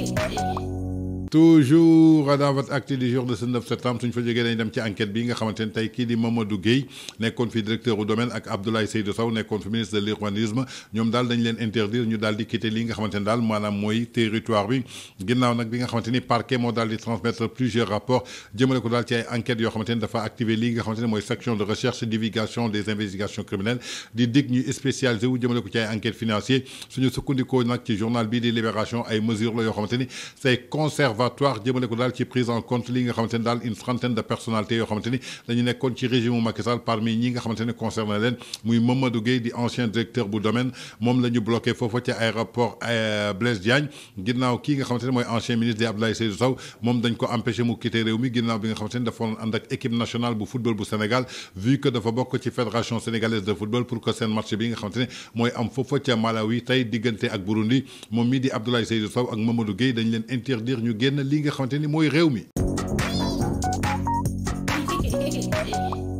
Yeah. toujours dans votre acte du jour de ce 9 septembre suñ fa jógee dañ dem ci enquête bi nga xamante ne tey kii di Mamadou Guèye nekkoon fi directeur au domaine ak Abdoulaye Seydou Sow nekkoon fi ministre de l'urbanisme ñom dal dañ leen interdire ñu dal di quitter li nga xamante dal manam moy territoire bi ginnaw nak bi nga xamante ni parquet mo dal di transmettre plusieurs rapports jëmele ko dal ci ay enquêtes yo xamante dafa activer li nga xamante moy section de recherche divulgation des investigations criminelles di dig ñu spécialisé wu jëmele ko ci ay enquêtes financières suñu sukkandikoo nak ci journal bi di Libération ay mesures la yo xamante ni c'est conservé conservatoire jëmale ko d'Al ci prise en compte li nga une trentaine de personnalités yoo xamante ni dañu nekkoon ci régime Macky Sall parmi ñi nga xamante ne concerné leen muy Mamadou Gueye di ancien directeur bu domaine moom la ñu bloqué foofa ci aéroport euh, Blaise Diagne ginnaaw kii nga xamante ne ancien ministre Abdoulaye Seydou Sow moom dañ ko empêché mu quitter réew mi ginnaaw bi nga fonds ne dafa équipe nationale bu football bu Sénégal vu que dafa bokk ci fédération sénégalaise de football pour que seen match bi nga xamante ne mooy am foofa ca Malawi tey diggante ak Burundi moom mii di Abdoulaye Seydou Sow ak Mamadou Gueye dañ leen interdire génn li nga xamante ni mooy réew mi.